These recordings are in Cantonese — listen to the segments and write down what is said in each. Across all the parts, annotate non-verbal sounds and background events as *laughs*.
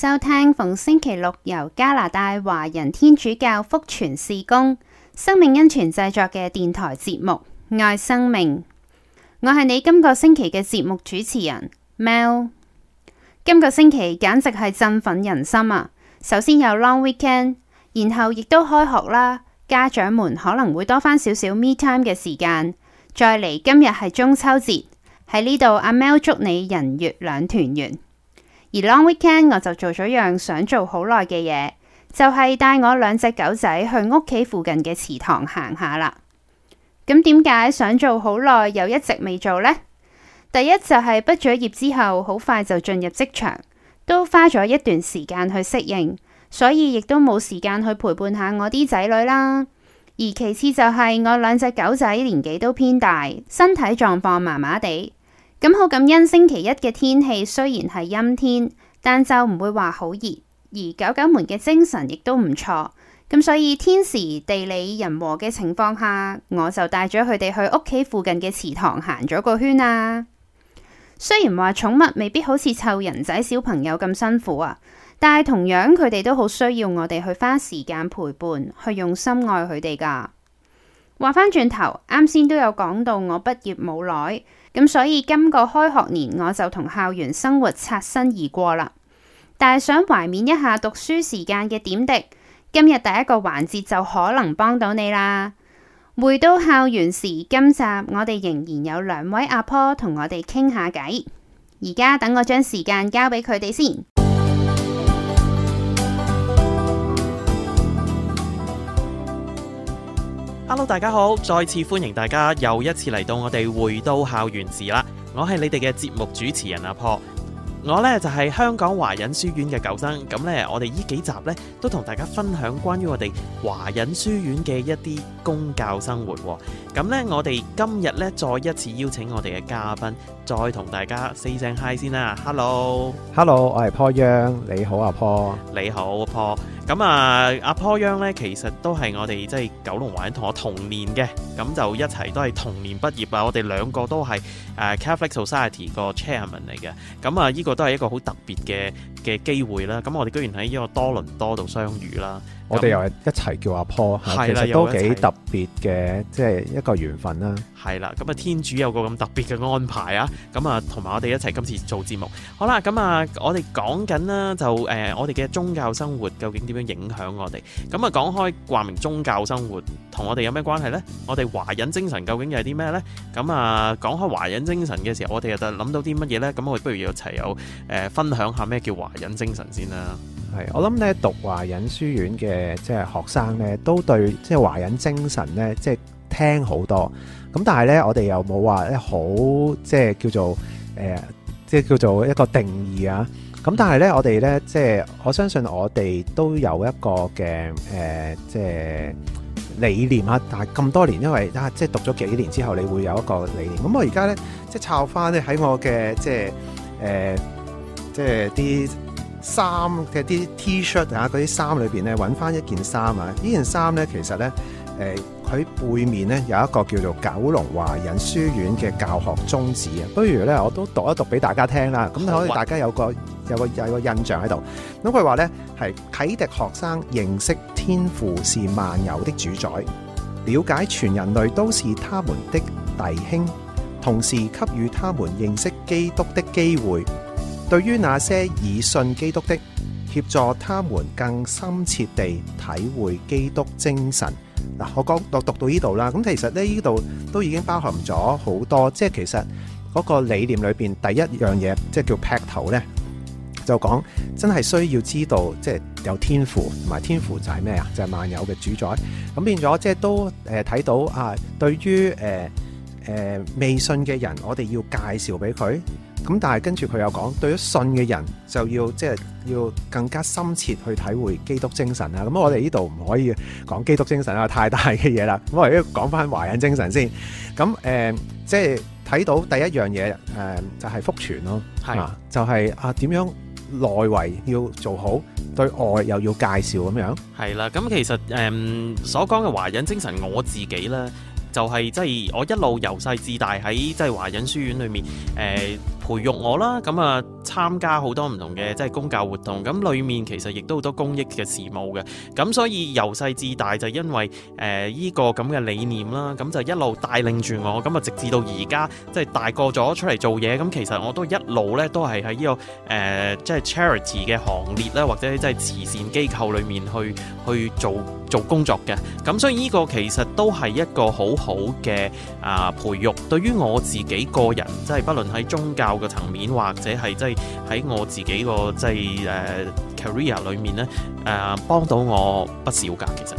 收聽逢星期六由加拿大華人天主教福傳事工生命恩泉製作嘅電台節目《愛生命》，我係你今個星期嘅節目主持人 Mel。今個星期簡直係振奮人心啊！首先有 Long Weekend，然後亦都開學啦，家長們可能會多返少少 me time 嘅時間。再嚟今日係中秋節，喺呢度阿 Mel 祝你人月兩團圓。而 long weekend 我就做咗樣想做好耐嘅嘢，就係帶我兩隻狗仔去屋企附近嘅祠堂行下啦。咁點解想做好耐又一直未做呢？第一就係畢咗業之後，好快就進入職場，都花咗一段時間去適應，所以亦都冇時間去陪伴下我啲仔女啦。而其次就係我兩隻狗仔年紀都偏大，身體狀況麻麻地。咁好感恩星期一嘅天氣雖然係陰天，但就唔會話好熱，而狗狗們嘅精神亦都唔錯。咁所以天時地利人和嘅情況下，我就帶咗佢哋去屋企附近嘅祠堂行咗個圈啊。雖然話寵物未必好似湊人仔小朋友咁辛苦啊，但係同樣佢哋都好需要我哋去花時間陪伴，去用心愛佢哋噶。話返轉頭，啱先都有講到我畢，我畢業冇耐。咁所以今個開學年我就同校園生活擦身而過啦，但係想懷緬一下讀書時間嘅點滴。今日第一個環節就可能幫到你啦。回到校園時，今集我哋仍然有兩位阿婆同我哋傾下偈。而家等我將時間交俾佢哋先。Hello，大家好，再次歡迎大家又一次嚟到我哋回到校園時啦，我係你哋嘅節目主持人阿婆，我呢就係香港華仁書院嘅舊生，咁呢，我哋呢幾集呢都同大家分享關於我哋華仁書院嘅一啲公教生活。咁呢，我哋今日呢，再一次邀請我哋嘅嘉賓，再同大家 Say 聲 hi 先啦。Hello，Hello，Hello，我係 Paul Young。你好阿 Paul，你好阿 Paul。咁啊，阿 Paul Young 呢，其實都係我哋即係九龍華仁同我同年嘅，咁就一齊都係同年畢業啊。我哋兩個都係誒、uh, Catholic Society 個 Chairman 嚟嘅。咁啊，呢、uh, 個都係一個好特別嘅嘅機會啦。咁我哋居然喺呢個多倫多度相遇啦。那我哋又係一齊叫阿婆，的其實都幾特別嘅，即係的一個緣分啦。係啦，咁啊，天主有個咁特別嘅安排啊，咁啊，同埋我哋一齊今次做節目，好啦，咁啊，我哋講緊啦，就誒、呃，我哋嘅宗教生活究竟點樣影響我哋？咁啊，講開掛名宗教生活，同我哋有咩關係呢？我哋華人精神究竟又係啲咩呢？咁啊，講開華人精神嘅時候，我哋又得諗到啲乜嘢呢？咁我哋不如一齊有誒、呃，分享下咩叫華人精神先啦。係，我諗咧讀華仁書院嘅，即係學生咧，都對即係華仁精神咧，即係聽好多。咁但係咧，我哋又冇話咧好，即係叫做誒，即係叫做一個定義啊。咁但係咧，我哋咧，即係我相信我哋都有一個嘅誒，即係理念啊。但係咁多年，因為啊，即係讀咗幾年之後，你會有一個理念。咁我而家咧，即係抄翻咧喺我嘅即係誒，即係啲。衫嘅啲 T-shirt 啊，嗰啲衫裏邊咧揾翻一件衫啊！件呢件衫咧，其實咧，誒、呃，佢背面咧有一個叫做九龍華仁書院嘅教學宗旨啊！不如咧，我都讀一讀俾大家聽啦，咁可以大家有個喂有個有個，有個印象喺度。咁佢話咧係啟迪學生認識天父是萬有的主宰，了解全人類都是他們的弟兄，同時給予他們認識基督的機會。對於那些已信基督的，協助他們更深切地體會基督精神。嗱、啊，我講落讀，讀到呢度啦，咁其實咧呢度都已經包含咗好多，即係其實嗰個理念裏邊第一樣嘢，即係叫劈頭呢，就講真係需要知道，即係有天父同埋天父就係咩啊？就係、是、萬有嘅主宰。咁變咗即係都誒睇到啊，對於誒誒、呃呃、未信嘅人，我哋要介紹俾佢。咁但係跟住佢又講，對於信嘅人就要即係要更加深切去體會基督精神啦。咁我哋呢度唔可以講基督精神啊，太大嘅嘢啦。咁我哋講返華人精神先。咁誒、呃，即係睇到第一樣嘢誒、呃，就係福傳咯，就係、是、啊，點樣內圍要做好，對外又要介紹咁樣。係啦，咁其實誒、呃、所講嘅華人精神，我自己呢，就係即係我一路由細至大喺即係華人書院裏面誒。呃培育我啦，咁啊參加好多唔同嘅即係公教活動，咁裏面其實亦都好多公益嘅事務嘅，咁所以由細至大就因為誒呢、呃這個咁嘅理念啦，咁就一路帶領住我，咁啊直至到而家即係大個咗出嚟做嘢，咁其實我都一路咧都係喺呢個誒即、呃、係、就是、charity 嘅行列啦，或者即係慈善機構裏面去去做做工作嘅，咁所以呢個其實都係一個好好嘅啊培育，對於我自己個人即係、就是、不論喺宗教，個層面或者係即係喺我自己個即係誒 career 裏面咧誒幫到我不少噶。其實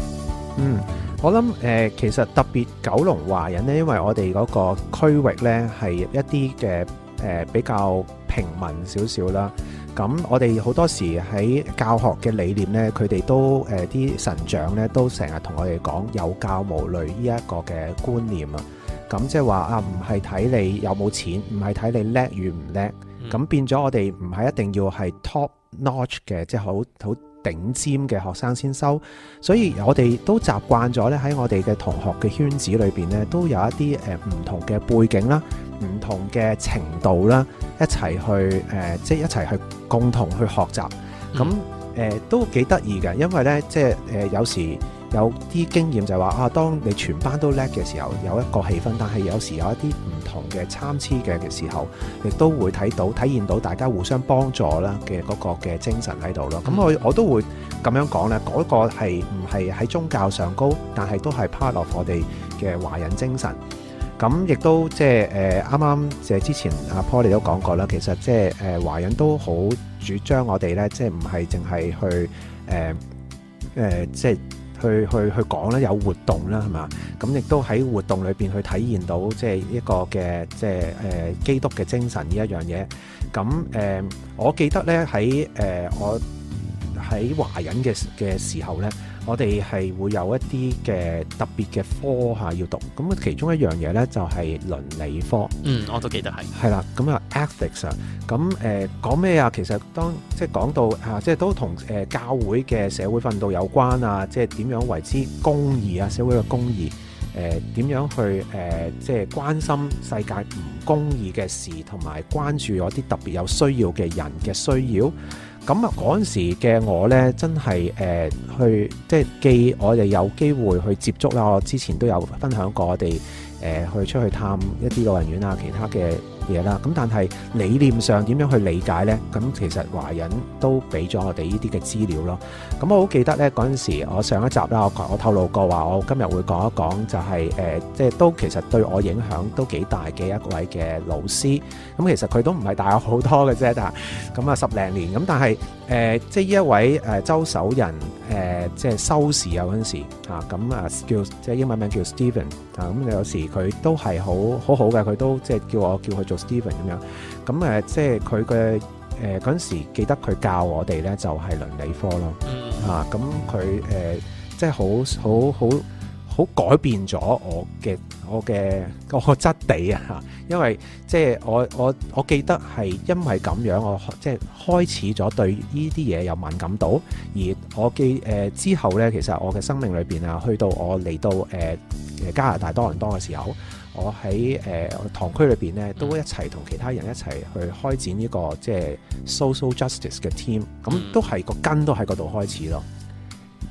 嗯，我諗誒其實特別九龍華人咧，因為我哋嗰個區域咧係一啲嘅誒比較平民少少啦。咁我哋好多時喺教學嘅理念咧，佢哋都誒啲、呃、神長咧都成日同我哋講有教無類呢一個嘅觀念啊。咁即係話啊，唔係睇你有冇錢，唔係睇你叻與唔叻，咁變咗我哋唔係一定要係 top notch 嘅，即係好好頂尖嘅學生先收。所以我哋都習慣咗咧，喺我哋嘅同學嘅圈子裏邊咧，都有一啲誒唔同嘅背景啦，唔同嘅程度啦，一齊去誒、呃，即係一齊去共同去學習。咁誒、呃、都幾得意嘅，因為咧即係誒、呃、有時。有啲經驗就係話啊，當你全班都叻嘅時候，有一個氣氛；但係有時有一啲唔同嘅參差嘅嘅時候，亦都會睇到、體現到大家互相幫助啦嘅嗰個嘅精神喺度咯。咁、嗯、我我都會咁樣講咧，嗰、嗰個係唔係喺宗教上高，但係都係 part of 我哋嘅華人精神。咁亦都即係誒啱啱即係之前阿、啊、Paul 你都講過啦，其實即係誒華人都好主張我哋呢，即係唔係淨係去誒即係。呃呃即係去去去講咧有活動啦係嘛？咁亦都喺活動裏邊去體現到即係一個嘅即係誒、呃、基督嘅精神呢一樣嘢。咁誒、呃，我記得咧喺誒我喺華人嘅嘅時候咧。我哋係會有一啲嘅特別嘅科下要讀，咁其中一樣嘢呢，就係倫理科。嗯，我都記得係。係啦，咁啊 ethics 啊，咁誒講咩啊？其實當即係講到嚇，即係都同誒教會嘅社會奮鬥有關啊，即係點樣為之公義啊，社會嘅公義誒呃、點樣去誒、呃、即係關心世界唔公義嘅事，同埋關注我啲特別有需要嘅人嘅需要。咁啊，嗰時嘅我呢，真係、呃、去即係既我哋有機會去接觸啦。我之前都有分享過我哋，我、呃、哋去出去探一啲老人院啊，其他嘅。嘢啦，咁但係理念上點樣去理解呢？咁其實華人都俾咗我哋呢啲嘅資料咯。咁我好記得呢嗰陣時我上一集啦，我我透露過話，我今日會講一講，就係，就係誒，即係都其實對我影響都幾大嘅一位嘅老師。咁其實佢都唔係大我好多嘅啫，但係咁啊十零年咁，但係。誒、呃、即係呢一位誒、呃、周守仁，誒、呃、即係收時，有時啊嗰陣時咁啊，叫即係英文名叫 Steven 啊，咁有時佢都係好好好嘅，佢都即係叫我叫佢做 Steven 咁樣，咁誒、啊、即係佢嘅誒嗰陣時記得佢教我哋咧就係、是、倫理科咯嚇，咁佢誒即係好好好好改變咗我嘅。我嘅個質地啊，因為即係我我我記得係因為咁樣，我即係開始咗對呢啲嘢有敏感度。而我記誒、呃、之後呢，其實我嘅生命裏邊啊，去到我嚟到誒、呃、加拿大多倫多嘅時候，我喺誒堂區裏邊呢，都一齊同其他人一齊去開展呢、呢個即係 social justice 嘅 team、嗯。咁都係個根都喺嗰度開始咯。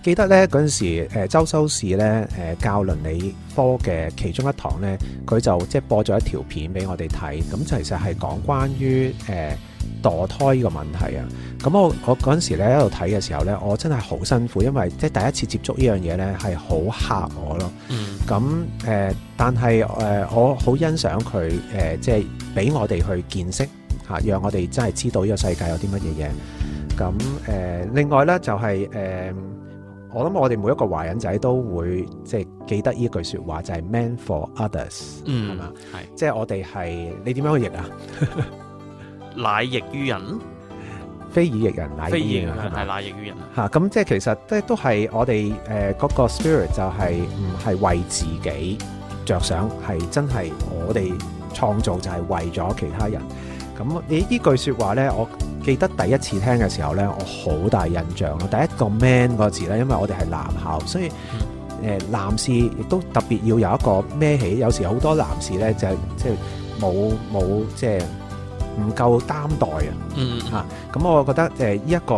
記得呢嗰陣時、呃，周修士呢誒、呃、教倫理科嘅其中一堂呢，佢就即係播咗一條片俾我哋睇，咁其實係講關於誒、呃、墮胎呢個問題啊。咁我我嗰陣時呢喺度睇嘅時候呢，我真係好辛苦，因為即係第一次接觸呢樣嘢呢，係好嚇我咯。嗯。咁、呃、誒，但係誒、呃，我好欣賞佢誒，即係俾我哋去見識吓，讓我哋真係知道呢個世界有啲乜嘢嘢。咁誒、呃，另外呢，就係、是、誒。呃我諗我哋每一個華人仔都會即係記得呢句説話，就係 Man for others，係嘛？係即係我哋係你點樣去譯啊？ *laughs* 乃譯於人，非以譯人，乃譯於非以人吧乃乃譯於人啊！咁即係其實即係都係我哋誒、呃嗰個 spirit 就係唔係為自己着想，係真係我哋創造就係為咗其他人。咁你依句説話咧，我記得第一次聽嘅時候咧，我好大印象咯。第一個 man 個字咧，因為我哋係男校，所以誒、嗯呃、男士亦都特別要有一個孭起。有時好多男士咧就係、是、即係冇冇即係唔夠擔待。嗯、啊。嗯，嚇咁我覺得誒依、呃、一個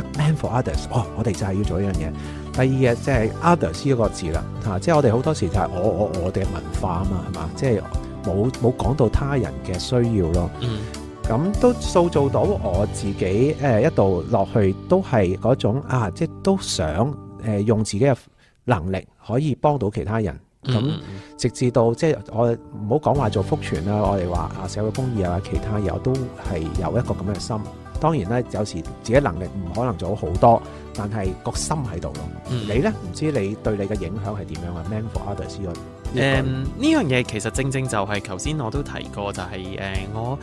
a man for others，哦，我哋就係要做依樣嘢。第二日、就是啊，即係 others 依個字啦，嚇，即係我哋好多時就係我我我哋嘅文化啊嘛，係嘛，即係冇冇講到他人嘅需要咯。嗯。咁都塑造到我自己，誒、呃、一度落去都係嗰種啊，即係都想誒、呃、用自己嘅能力可以幫到其他人。咁、嗯、直至到即係我唔好講話做福傳啦，我哋話啊社會公義啊其他，嘢，我都係有一個咁嘅心。當然啦，有時自己能力唔可能做好多，但係個心喺度咯。嗯、你咧唔知你對你嘅影響係點樣嘅，man for others 呢、嗯？誒呢個、嗯、樣嘢其實正正就係頭先我都提過，就係、是、誒、呃、我。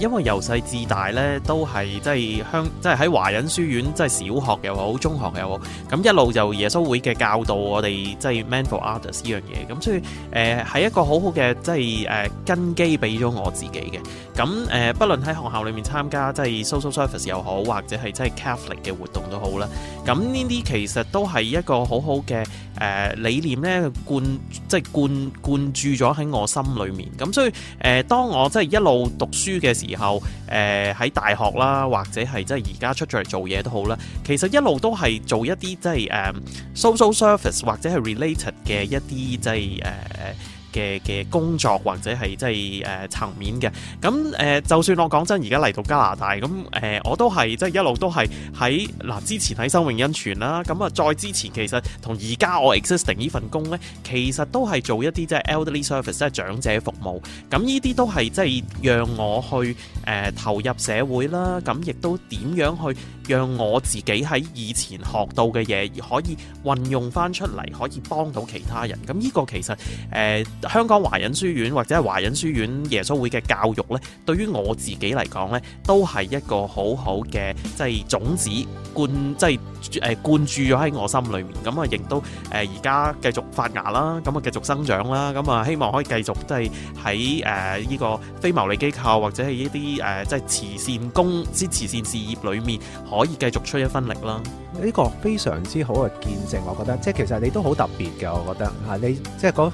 因為由細至大咧，都係即係香，即係喺華仁書院，即係小學又好，中學又好，咁一路由耶穌會嘅教導，我哋即係 man for others 呢樣嘢，咁所以誒喺、呃、一個好好嘅即係誒根基俾咗我自己嘅，咁誒、呃，不論喺學校裏面參加即係 social service 又好，或者係即係 Catholic 嘅活動都好啦，咁呢啲其實都係一個好好嘅。誒、呃、理念呢灌即係灌灌注咗喺我心裏面，咁、嗯、所以誒、呃、當我即係一路讀書嘅時候，誒、呃、喺大學啦，或者係即係而家出咗嚟做嘢都好啦，其實一路都係做一啲即係誒、呃、social service 或者係 related 嘅一啲即係誒。呃嘅嘅工作或者係即係誒層面嘅，咁誒、呃、就算我講真，而家嚟到加拿大咁誒、呃，我都係即係一路都係喺嗱之前喺生命恩泉啦，咁啊再之前其實同而家我 existing 呢份工呢，其實都係做一啲即係 elderly service，即係長者服務，咁呢啲都係即係讓我去誒、呃、投入社會啦，咁、啊、亦都點樣去讓我自己喺以前學到嘅嘢可以運用翻出嚟，可以幫到其他人，咁、啊、呢、這個其實誒。呃香港華仁書院或者係華仁書院耶穌會嘅教育咧，對於我自己嚟講咧，都係一個好好嘅即係種子灌即係誒灌注咗喺我心裏面，咁啊亦都誒而家繼續發芽啦，咁啊繼續生長啦，咁、嗯、啊希望可以繼續即係喺誒呢個非牟利機構或者係呢啲誒即係慈善公之慈善事業裏面，可以繼續出一分力啦。呢個非常之好嘅見證，我覺得即係其實你都好特別嘅。我覺得嚇你即係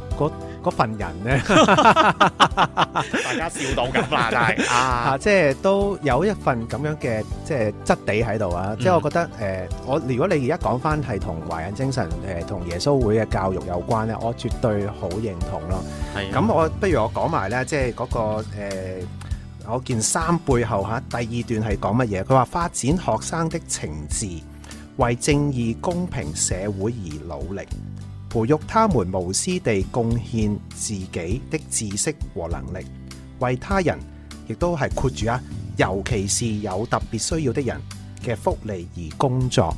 嗰份人呢， *laughs* *laughs* 大家笑到咁啦， *laughs* 啊， *laughs* 即係都有一份咁樣嘅即係質地喺度啊。即係、嗯、我覺得誒、呃，我如果你而家講翻係同華仁精神誒，同、呃、耶穌會嘅教育有關呢，我絕對好認同咯。係咁的，我不如我講埋呢，即係嗰、那個、呃、我件衫背後嚇第二段係講乜嘢？佢話發展學生的情志。為正義、公平社會而努力，培育他們無私地貢獻自己的知識和能力，為他人，亦都係括住啊，尤其是有特別需要的人嘅福利而工作。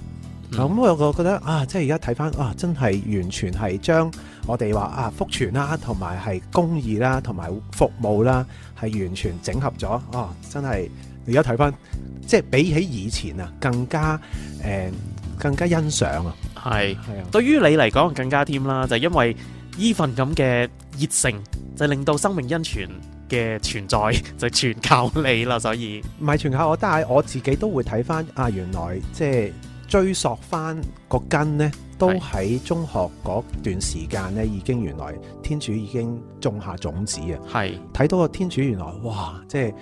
咁、嗯嗯、我個覺得啊，即係而家睇返啊，真係完全係將我哋話啊，福傳啦、啊，同埋係公義啦、啊，同埋服務啦、啊，係完全整合咗。哦、啊，真係而家睇返，即係比起以前啊，更加誒。呃更加欣賞是、嗯、啊，係，對於你嚟講更加添啦，就是、因為依份咁嘅熱誠，就令到生命恩泉嘅存在就全靠你啦，所以唔係全靠我，但係我自己都會睇翻啊，原來即係追索翻個根呢，都喺中學嗰段時間呢，已經原來天主已經種下種子啊，係睇是到個天主原來哇，即係。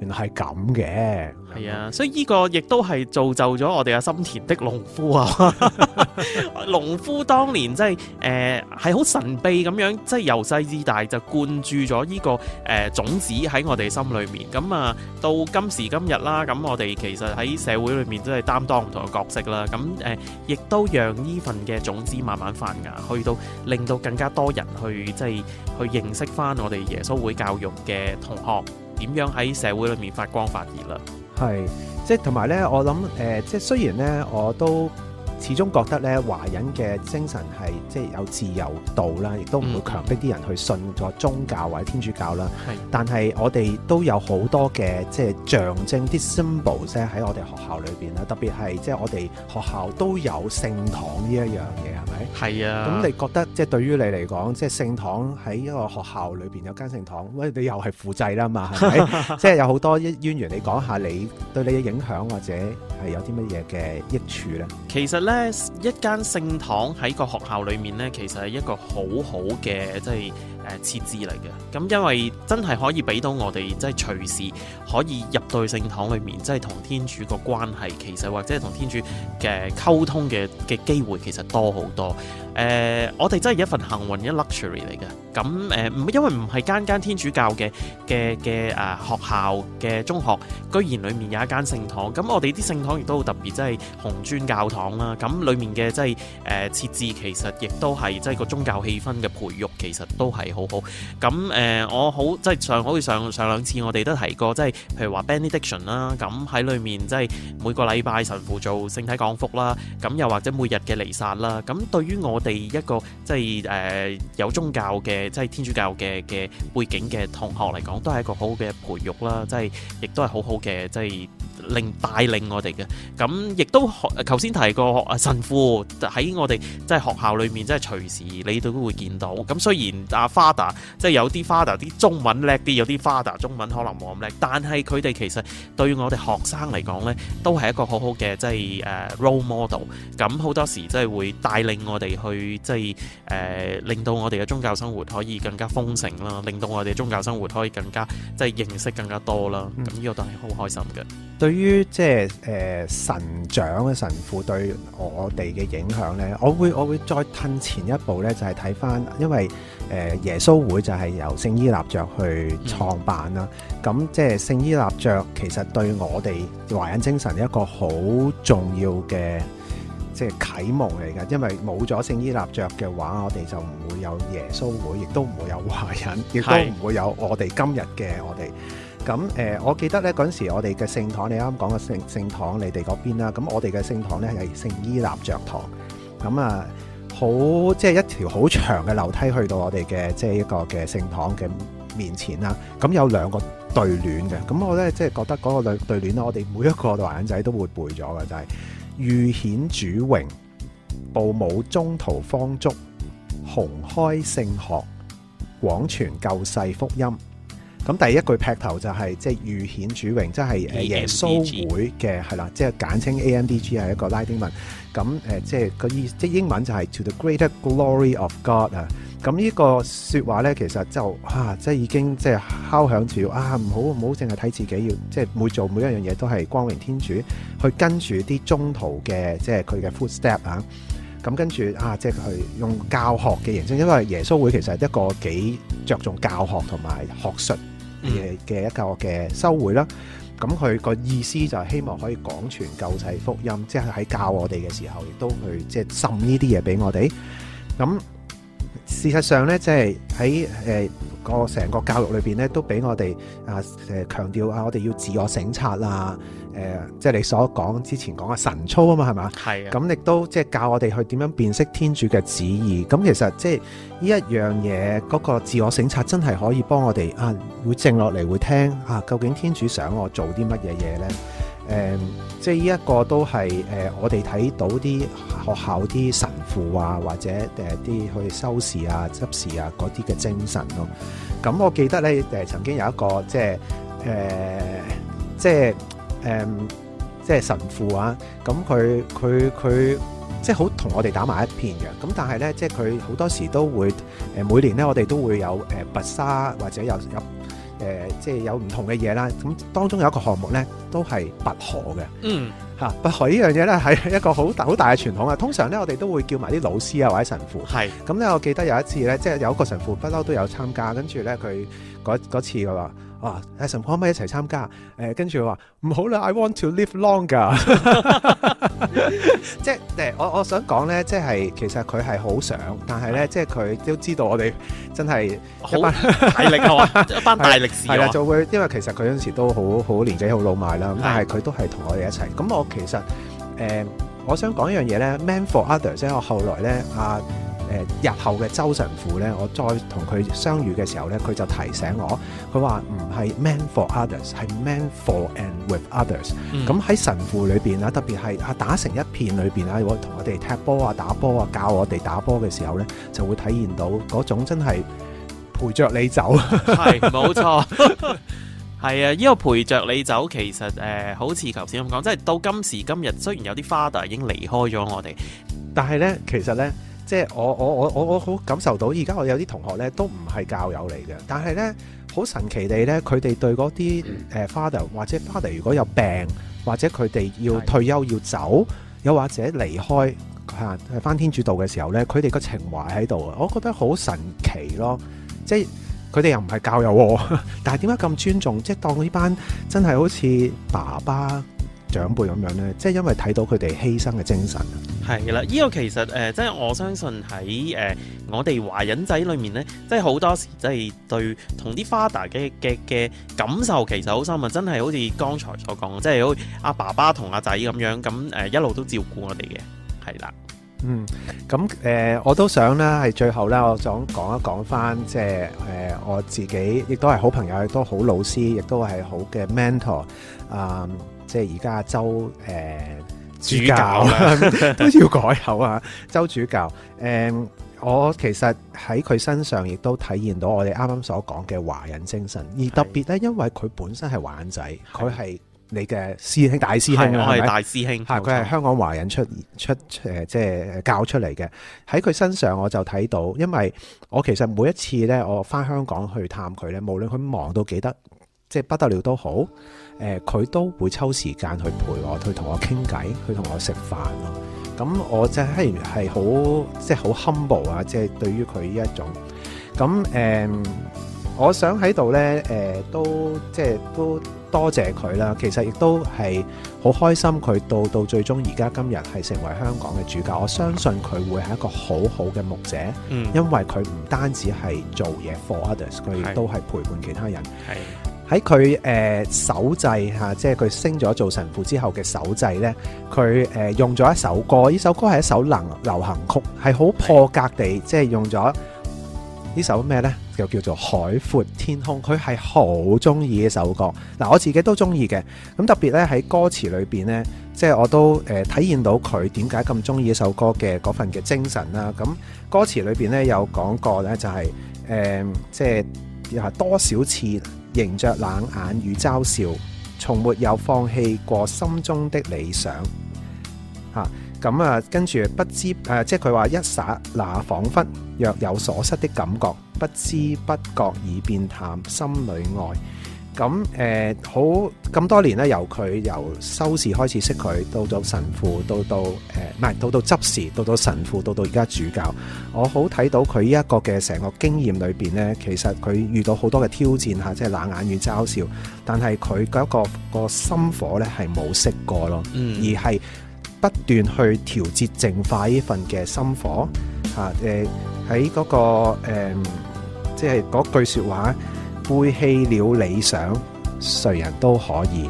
原來係咁嘅，係啊，所以呢個亦都係造就咗我哋嘅心田的農夫啊！農夫當年真係誒係好神秘咁樣，即係由細至大就灌注咗呢個誒種子喺我哋心裏面。咁啊，到今時今日啦，咁我哋其實喺社會裏面真係擔當唔同嘅角色啦。咁誒，亦都讓呢份嘅種子慢慢發芽，去到令到更加多人去即係去認識翻我哋耶穌會教育嘅同學。點樣喺社會裏面發光發熱啦？係，即係同埋咧，我諗誒、呃，即係雖然咧，我都。始終覺得咧，華人嘅精神係即係有自由度啦，亦都唔會強迫啲人去信咗宗教或者天主教啦。的但係我哋都有好多嘅即係象徵啲 symbols 喺我哋學校裏邊啦，特別係即係我哋學校都有聖堂呢一樣嘢，係咪？係啊。咁、嗯、你覺得即係對於你嚟講，即係聖堂喺一個學校裏邊有間聖堂，喂你又係輔祭啦嘛，係咪？ *laughs* 即係有好多一淵源，你講下你對你嘅影響或者係有啲乜嘢嘅益處呢？其實。呢一間聖堂喺個學校裏面呢，其實係一個好好嘅，即係。誒、啊、設置嚟嘅，咁因為真係可以俾到我哋，即係隨時可以入到聖堂裏面，即係同天主個關係，其實或者係同天主嘅溝通嘅嘅機會，其實多好多。誒、呃，我哋真係一份幸運，一 luxury 嚟嘅。咁、嗯、誒，唔、呃、因為唔係間間天主教嘅嘅嘅誒學校嘅中學，居然裡面有一間聖堂。咁、嗯、我哋啲聖堂亦都好特別，即係紅磚教堂啦、啊。咁、嗯、裡面嘅即係誒設置，其實亦都係即係個宗教氣氛嘅培育，其實都係。好好咁誒，我好即係、就是、上好似上上兩次，我哋都提過，即、就、係、是、譬如話 Benediction 啦、啊，咁喺裏面即係、就是、每個禮拜神父做聖體降福啦，咁、啊、又或者每日嘅彌撒啦，咁、啊嗯、對於我哋一個即係誒有宗教嘅即係天主教嘅嘅背景嘅同學嚟講，都係一個好好嘅培育啦，即、啊、係亦都係好好嘅即係。就是令帶領我哋嘅，咁亦都頭先提過神父喺我哋即係學校裏面，即係隨時你都會見到。咁雖然阿 father 即係有啲 father 啲中文叻啲，有啲 father 中文可能冇咁叻，但係佢哋其實對我哋學生嚟講呢，都係一個好好嘅即係 role model。咁好多時即係會帶領我哋去即係誒令到我哋嘅宗教生活可以更加豐盛啦，令到我哋嘅宗教生活可以更加即係認識更加多啦。咁呢個都係好開心嘅。對於即係誒神長嘅神父對我哋嘅影響咧，我會我會再褪前一步呢，就係睇翻，因為誒、呃、耶穌會就係由聖依納爵去創辦啦。咁、嗯、即係聖依納爵其實對我哋華人精神一個好重要嘅即係啟蒙嚟噶。因為冇咗聖依納爵嘅話，我哋就唔會有耶穌會，亦都唔會有華人，亦都唔會有我哋今日嘅是我哋。咁誒、呃，我記得呢嗰陣時，我哋嘅聖堂，你啱啱講嘅聖聖堂你，你哋嗰邊啦。咁我哋嘅聖堂呢，係聖伊納爵堂。咁啊，好即係一條好長嘅樓梯去到我哋嘅即係一個嘅聖堂嘅面前啦。咁有兩個對聯嘅。咁我呢即係覺得嗰個對對聯呢，我哋每一個華人仔都會背咗嘅就係：遇顯主榮，佈武中途方足，紅開聖學，廣傳救世福音。咁第一句劈頭就係即係愈顯主榮，即係誒耶穌會嘅係啦，即係 D 簡稱 A.M.D.G 係一個拉丁文。咁誒、就是，即係個意，即係英文就係 To the Greater Glory of God 啊！咁呢個説話咧，其實就啊，即係已經即係敲響住啊，唔好唔好淨係睇自己，要即係每做每一樣嘢都係光榮天主，去跟住啲中途嘅即係佢嘅 footstep 啊！咁跟住啊，即係佢用教學嘅形式，因為耶穌會其實係一個幾着重教學同埋學術。嘅嘅一嚿嘅收回啦，咁佢個意思就希望可以廣傳救世福音，即係喺教我哋嘅時候，亦都去即係滲呢啲嘢俾我哋，咁。事實上呢，即係喺誒個成個教育裏邊呢，都俾我哋啊誒強調啊，我哋要自我省察啊，誒、呃、即係你所講之前講嘅神操啊嘛，係咪？係。咁亦都即係教我哋去點樣辨識天主嘅旨意。咁、嗯、其實即係呢一樣嘢，嗰、那個自我省察真係可以幫我哋啊，會靜落嚟會聽啊，究竟天主想我做啲乜嘢嘢呢？誒、嗯，即係呢一個都係誒、呃，我哋睇到啲學校啲神父啊，或者誒啲去修士啊、執事啊嗰啲嘅精神咯、啊。咁、嗯、我記得咧誒、呃，曾經有一個即係誒，即係誒、呃，即係、嗯、神父啊。咁佢佢佢，即係好同我哋打埋一片嘅。咁但係咧，即係佢好多時都會誒、呃、每年咧，我哋都會有誒白沙或者有有。有誒、呃，即係有唔同嘅嘢啦，咁當中有一個項目呢，都係拔河嘅。嗯，嚇、啊，拔河呢樣嘢呢，係一個好大好大嘅傳統啊！通常呢，我哋都會叫埋啲老師啊或者神父。係是，咁呢、嗯，我記得有一次呢，即係有一個神父不嬲都有參加，跟住呢，佢嗰次嘅話。啊！阿神婆可唔可以一齊參加？誒，跟住話唔好啦，I want to live longer。即係誒，我我想講咧，即係其實佢係好想，但係咧，即係佢都知道我哋真係一班大力啊，一班大力士啊，就會因為其實佢嗰陣時都好好年紀好老邁啦，但係佢都係同我哋一齊。咁我其實誒，我想講一樣嘢咧，man for others，即係我後來咧，阿。日後嘅周神父呢，我再同佢相遇嘅時候呢，佢就提醒我，佢話唔係 man for others，係 man for and with others。咁喺、嗯、神父裏邊啊，特別係啊打成一片裏邊啊，如果同我哋踢波啊、打波啊、教我哋打波嘅時候呢，就會體現到嗰種真係陪着你走。係冇錯，係 *laughs* *laughs* 啊，因為陪着你走，其實誒、呃、好似頭先咁講，即係到今時今日，雖然有啲 father 已經離開咗我哋，但係呢，其實呢。即係我我我我我好感受到，而家我有啲同學咧都唔係教友嚟嘅，但係咧好神奇地咧，佢哋對嗰啲誒 father 或者 father 如果有病或者佢哋要退休要走，又或者離開嚇翻天主道嘅時候咧，佢哋個情懷喺度啊，我覺得好神奇咯！即係佢哋又唔係教友，但係點解咁尊重？即係當呢班真係好似爸爸。長輩咁樣呢，即係因為睇到佢哋犧牲嘅精神。係啦、嗯，呢、這個其實誒、呃，即係我相信喺誒、呃、我哋華人仔裏面呢，即係好多時即係對同啲 father 嘅嘅嘅感受其實好深啊！真係好似剛才所講，即係好似阿、啊、爸爸同阿、啊、仔咁樣，咁誒、呃、一路都照顧我哋嘅。係啦，嗯，咁誒、呃、我都想啦，係最後啦，我想講一講返即係誒、呃、我自己，亦都係好朋友，亦都好老師，亦都係好嘅 mentor 啊、嗯。即係而家周誒、呃、主教都要改口啊！周主教誒、嗯，我其實喺佢身上亦都體現到我哋啱啱所講嘅華人精神，而特別咧，因為佢本身係華人仔，佢係是你嘅師兄，大師兄，係是吧大師兄，佢係 *laughs* 香港華人出出誒、呃，即係教出嚟嘅。喺佢身上，我就睇到，因為我其實每一次咧，我返香港去探佢咧，無論佢忙到幾得。即係不得了都好，誒、呃，佢都會抽時間去陪我，去同我傾偈，去同我食飯咯。咁、嗯、我就係好，就是、ble, 即係好 humble 啊！即係對於佢呢一種，咁、嗯、誒，我想喺度呢，誒、呃，都即係都多謝佢啦。其實亦都係好開心佢到到最終而家今日係成為香港嘅主教。我相信佢會係一個好好嘅牧者，嗯、因為佢唔單止係做嘢 for others，佢都係陪伴其他人，係。喺佢誒手製嚇、啊，即係佢升咗做神父之後嘅手製呢，佢誒用咗一首歌，呢首歌係一首流流行曲，係好破格地，即係用咗呢首咩呢？就叫做海闊天空，佢係好中意呢首歌。嗱、啊，我自己都中意嘅。咁、啊、特別呢，喺歌詞裏邊呢，即係我都誒體驗到佢點解咁中意呢首歌嘅嗰份嘅精神啦。咁、啊、歌詞裏邊呢，有講過呢，就係、是、誒、呃，即係又係多少次。迎着冷眼與嘲笑，從沒有放棄過心中的理想。吓、啊、咁啊，跟住不知誒、啊，即係佢話一剎那，恍惚，若有所失的感覺，不知不覺已變淡，心裏愛。咁誒、呃、好咁多年咧，由佢由修士開始識佢，到咗神父，到到誒唔係，到到執事，到到神父，到到而家主教。我好睇到佢呢一個嘅成個經驗裏邊咧，其實佢遇到好多嘅挑戰嚇，即係冷眼與嘲笑。但係佢嗰個個心火咧係冇熄過咯，嗯、而係不斷去調節淨化呢份嘅心火嚇誒喺嗰個、呃、即係嗰句説話。背棄了理想，誰人都可以，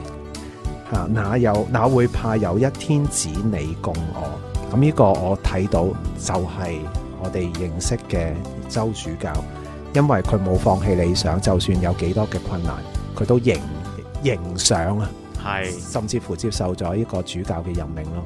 吓，哪有哪會怕有一天只你共我？咁呢個我睇到就係我哋認識嘅周主教，因為佢冇放棄理想，就算有幾多嘅困難，佢都迎迎上啊，係，是甚至乎接受咗呢個主教嘅任命咯。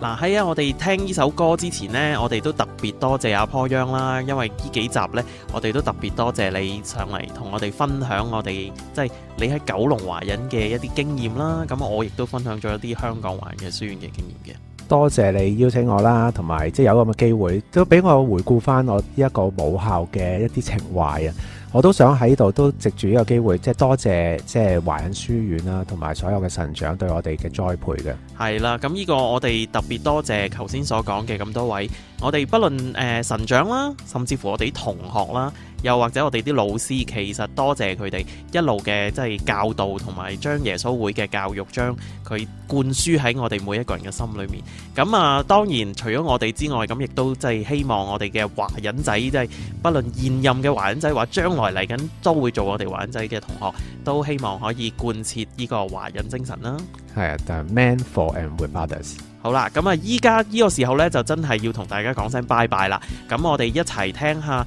嗱喺啊，我哋聽呢首歌之前呢，我哋都特別多謝阿坡秧啦，因為呢幾集呢，我哋都特別多謝你上嚟同我哋分享我哋即係你喺九龍華人嘅一啲經驗啦。咁我亦都分享咗一啲香港華人嘅書院嘅經驗嘅。多謝你邀請我啦，同埋即係有咁嘅機會，都俾我回顧翻我呢一個母校嘅一啲情懷啊！我都想喺度都藉住呢個機會，即係多謝即係懷恩書院啦，同埋所有嘅神長對我哋嘅栽培嘅。係啦，咁呢個我哋特別多謝頭先所講嘅咁多位，我哋不論誒、呃、神長啦，甚至乎我哋同學啦。又或者我哋啲老師，其實多謝佢哋一路嘅即係教導，同埋將耶穌會嘅教育將佢灌輸喺我哋每一個人嘅心裏面。咁啊，當然除咗我哋之外，咁亦都即係希望我哋嘅華人仔，即係不論現任嘅華人仔，或將來嚟緊都會做我哋華人仔嘅同學，都希望可以貫徹呢個華人精神啦。係啊，man for and with others。好啦，咁啊，依家呢個時候呢，就真係要同大家講聲拜拜啦。咁我哋一齊聽下。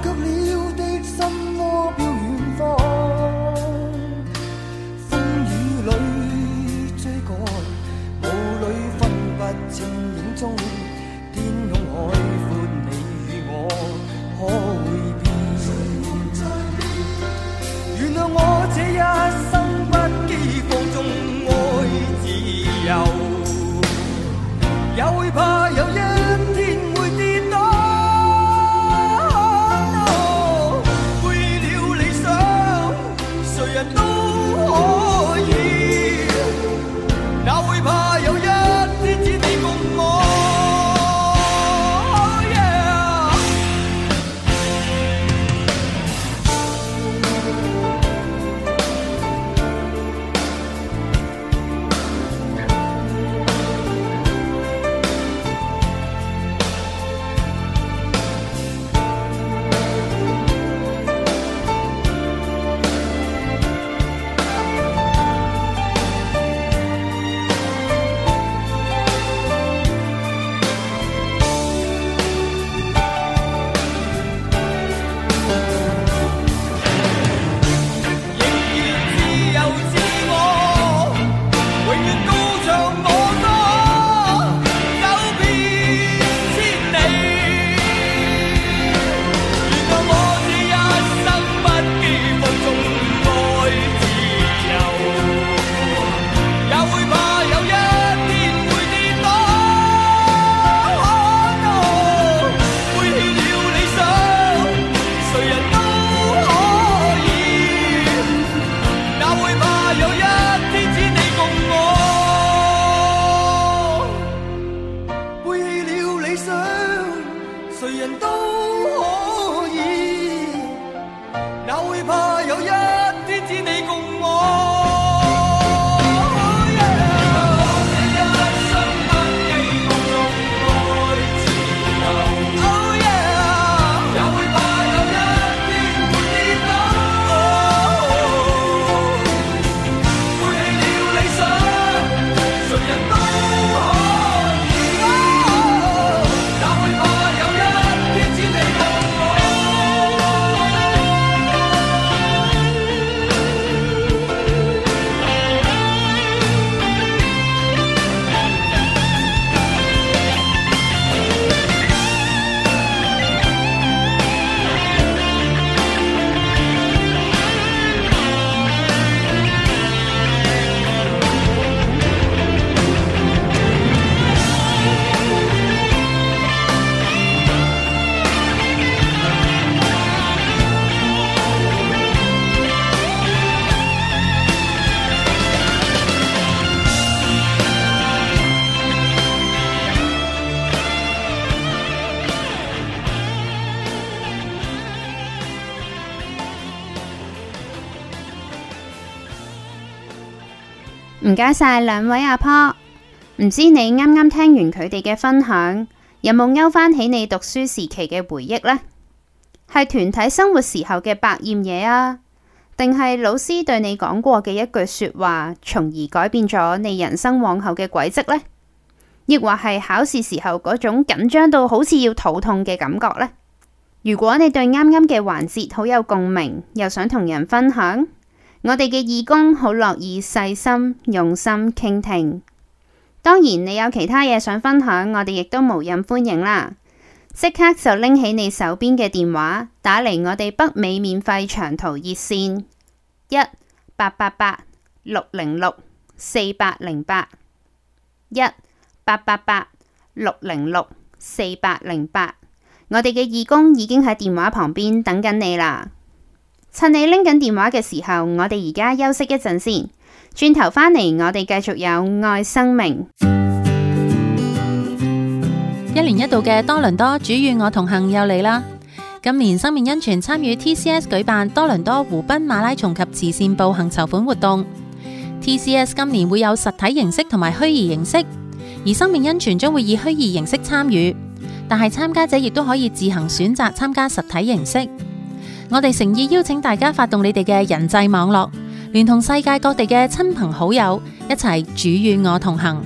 晒兩位阿婆，唔知你啱啱聽完佢哋嘅分享，有冇勾返起你讀書時期嘅回憶呢？係團體生活時候嘅百厭嘢啊，定係老師對你講過嘅一句說話，從而改變咗你人生往後嘅軌跡呢？亦或係考試時候嗰種緊張到好似要肚痛嘅感覺呢？如果你對啱啱嘅環節好有共鳴，又想同人分享。我哋嘅義工好樂意細心用心傾聽，當然你有其他嘢想分享，我哋亦都無任歡迎啦。即刻就拎起你手邊嘅電話，打嚟我哋北美免費長途熱線一八八八六零六四八零八一八八八六零六四八零八。我哋嘅義工已經喺電話旁邊等緊你啦。趁你拎緊電話嘅時候，我哋而家休息一陣先，轉頭返嚟，我哋繼續有愛生命。一年一度嘅多倫多主與我同行又嚟啦！今年生命恩泉參與 TCS 舉辦多倫多湖濱馬拉松及慈善步行籌款活動。TCS 今年會有實體形式同埋虛擬形式，而生命恩泉將會以虛擬形式參與，但係參加者亦都可以自行選擇參加實體形式。我哋誠意邀請大家發動你哋嘅人際網絡，聯同世界各地嘅親朋好友一齊主與我同行，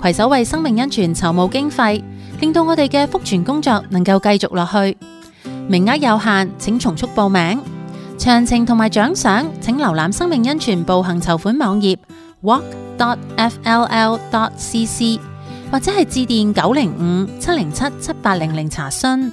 攜手為生命恩泉籌募經費，令到我哋嘅福傳工作能夠繼續落去。名額有限，請從速報名。詳情同埋獎賞，請瀏覽生命恩泉步行籌款網頁 walk.fll.cc，或者係致電九零五七零七七八零零查詢。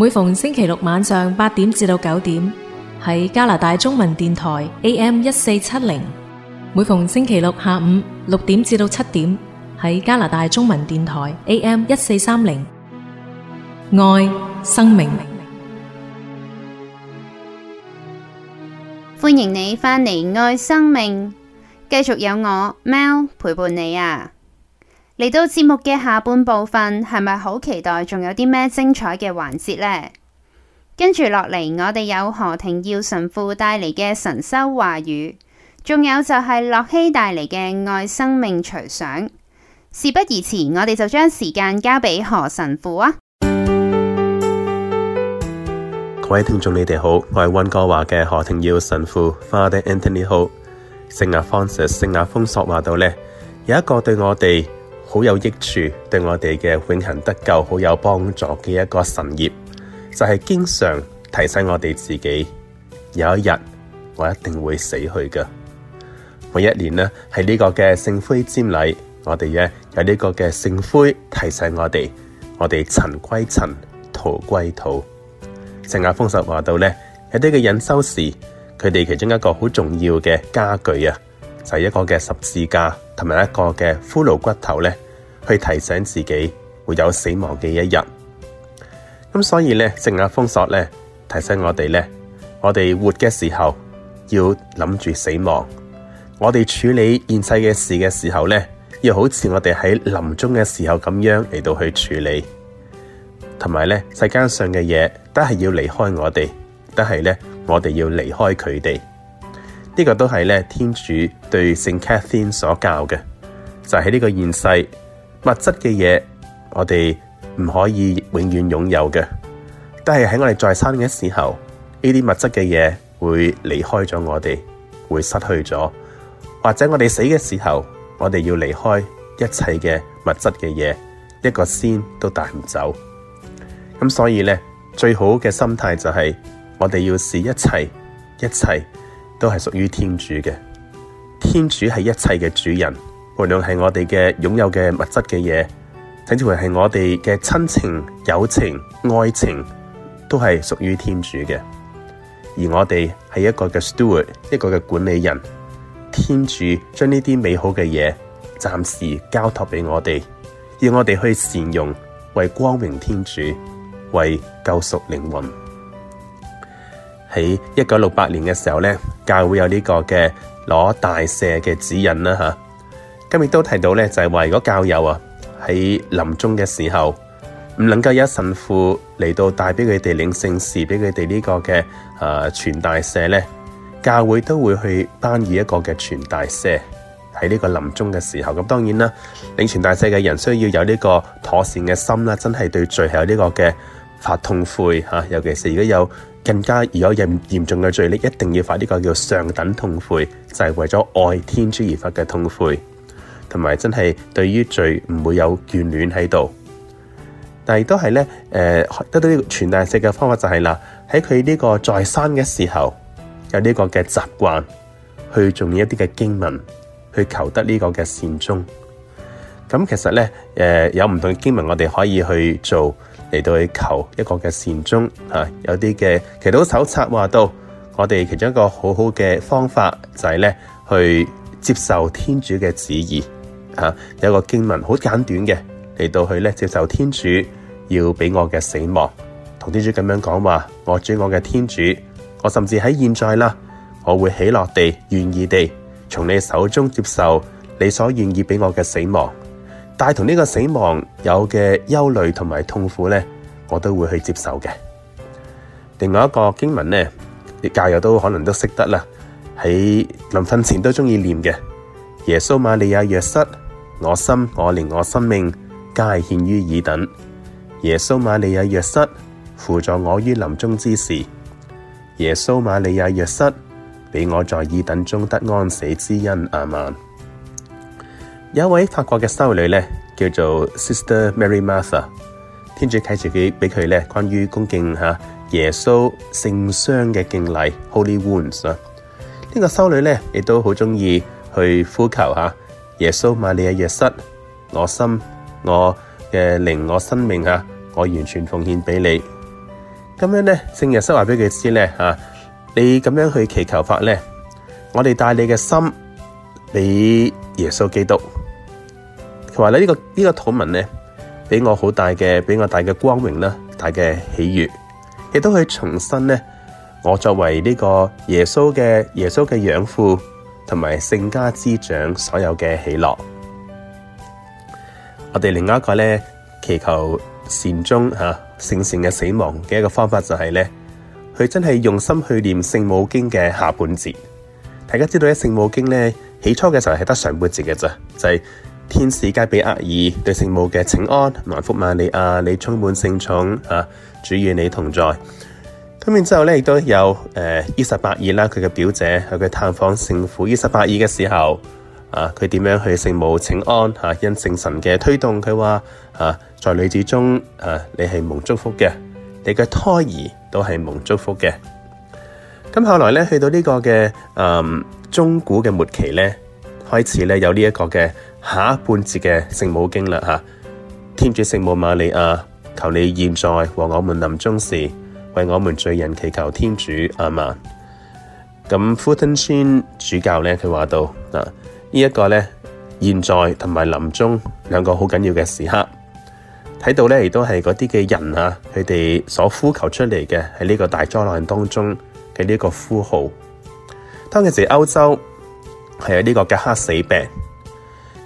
每逢星期六晚上八點至到九點，喺加拿大中文電台 AM 一四七零；每逢星期六下午六點至到七點，喺加拿大中文電台 AM 一四三零。愛生命，歡迎你翻嚟。愛生命，繼續有我喵陪伴你啊！嚟到節目嘅下半部分，係咪好期待？仲有啲咩精彩嘅環節呢？跟住落嚟，我哋有何庭耀神父帶嚟嘅神修話語，仲有就係洛希帶嚟嘅愛生命隨想。事不宜遲，我哋就將時間交俾何神父啊！各位聽眾，你哋好，我係溫哥華嘅何庭耀神父，Father Anthony 好聖亞方士聖亞豐索話到呢，有一個對我哋。好有益處，對我哋嘅永恆得救好有幫助嘅一個神業，就係經常提醒我哋自己：有一日我一定會死去嘅。每一年呢，喺呢個嘅聖灰瞻禮，我哋咧有呢個嘅聖灰提醒我哋：我哋塵歸塵，土歸土。聖亞封神話到咧，喺呢個隱修時，佢哋其中一個好重要嘅家具啊，就係一個嘅十字架同埋一個嘅骷髏骨頭咧。去提醒自己會有死亡嘅一日，咁所以咧，靜壓封鎖咧，提醒我哋咧，我哋活嘅時候要諗住死亡，我哋處理現世嘅事嘅時候咧，要好似我哋喺臨終嘅時候咁樣嚟到去處理，同埋咧，世間上嘅嘢都係要離開我哋，都係咧，我哋要離開佢哋呢個都係咧，天主對聖卡 a 所教嘅就喺、是、呢個現世。物質嘅嘢，我哋唔可以永遠擁有嘅，但係喺我哋在生嘅時候，呢啲物質嘅嘢會離開咗我哋，會失去咗，或者我哋死嘅時候，我哋要離開一切嘅物質嘅嘢，一個仙都帶唔走。咁所以呢，最好嘅心態就係、是、我哋要視一切，一切都係屬於天主嘅，天主係一切嘅主人。無論係我哋嘅擁有嘅物質嘅嘢，甚至乎係我哋嘅親情、友情、愛情，都係屬於天主嘅。而我哋係一個嘅 steward，一個嘅管理人。天主將呢啲美好嘅嘢暫時交託俾我哋，要我哋去善用，為光榮天主，為救贖靈魂。喺一九六八年嘅時候呢，教會有呢個嘅攞大赦嘅指引啦，咁亦都提到咧，就係如果教友啊喺臨終嘅時候，唔能夠有一神父嚟到帶俾佢哋領聖事，俾佢哋呢個嘅啊傳大赦咧，教會都會去頒議一個嘅傳大赦喺呢個臨終嘅時候。咁當然啦，領傳大赦嘅人需要有呢個妥善嘅心啦，真係對罪有呢個嘅發痛悔嚇。尤其是如果有更加如果有嚴嚴重嘅罪咧，一定要發呢個叫上等痛悔，就係為咗愛天主而發嘅痛悔。同埋真係對於罪唔會有眷戀喺度，但係都係咧，誒得到呢個傳遞式嘅方法就係、是、啦，喺佢呢個在生嘅時候有呢個嘅習慣去重念一啲嘅經文，去求得呢個嘅善終。咁、嗯、其實咧，誒有唔同嘅經文，我哋可以去做嚟到去求一個嘅善終嚇、啊。有啲嘅，祈禱手冊話到，我哋其中一個好好嘅方法就係咧，去接受天主嘅旨意。吓、啊、有一個經文好簡短嘅嚟,到去咧接受天主要俾我嘅死亡，同天主咁樣講話，我主我嘅天主，我甚至喺現在啦，我會喜樂地願意地從你手中接受你所願意俾我嘅死亡，但同呢個死亡有嘅憂慮同埋痛苦咧，我都會去接受嘅。另外一個經文咧，教友都可能都識得啦，喺臨瞓前都中意念嘅，耶穌瑪利亞若瑟。我心、我靈、我生命，皆獻於爾等。耶穌瑪利亞若瑟，扶助我於臨終之時。耶穌瑪利亞若瑟，俾我在爾等中得安死之恩。阿們。有一位法國嘅修女咧，叫做 Sister Mary Martha，天主睇住佢俾佢咧關於恭敬吓耶穌聖傷嘅敬禮 Holy Wounds 啊。呢、呢個修女咧亦都好鍾意去呼求吓。耶穌瑪利亞若瑟，我心我嘅靈，我生命啊，我完全奉獻俾你。咁樣咧，聖若瑟話俾佢知呢，你咁樣去祈求法呢，我哋帶你嘅心，畀耶穌基督。同埋咧呢個呢、這個禱文呢，俾我好大嘅俾我大嘅光明啦，大嘅喜悅，亦都可以重新呢，我作為呢個耶穌嘅耶穌嘅養父。同埋聖家之長所有嘅喜樂，我哋另外一個呢，祈求善終吓聖、啊、善嘅死亡嘅一個方法就係呢。佢真係用心去念聖母經嘅下半節。大家知道咧，聖母經呢起初嘅時候係得上半節嘅啫，就係、是、天使加俾額爾對聖母嘅請安，萬福瑪利亞，你充滿聖寵吓，主與你同在。咁然之後咧，亦都有誒伊、呃、十八二啦。佢嘅表姐喺佢探訪聖父伊十八二嘅時候，啊，佢點樣去聖母請安？啊，因聖神嘅推動，佢話啊，在女子中啊，你係蒙祝福嘅，你嘅胎兒都係蒙祝福嘅。咁後來咧，去到呢個嘅嗯中古嘅末期咧，開始咧有呢一個嘅下半節嘅聖母經啦。吓、啊，天主聖母瑪利亞，求你現在和我們臨終時，為我們罪人祈求天主啊嘛，咁福丁仙主教呢，佢話到啊，呢、這、一個呢，現在同埋臨終兩個好緊要嘅時刻，睇到呢，亦都係嗰啲嘅人啊，佢哋所呼求出嚟嘅喺呢個大災難當中嘅呢個呼號。當其時歐洲係有呢個嘅黑死病，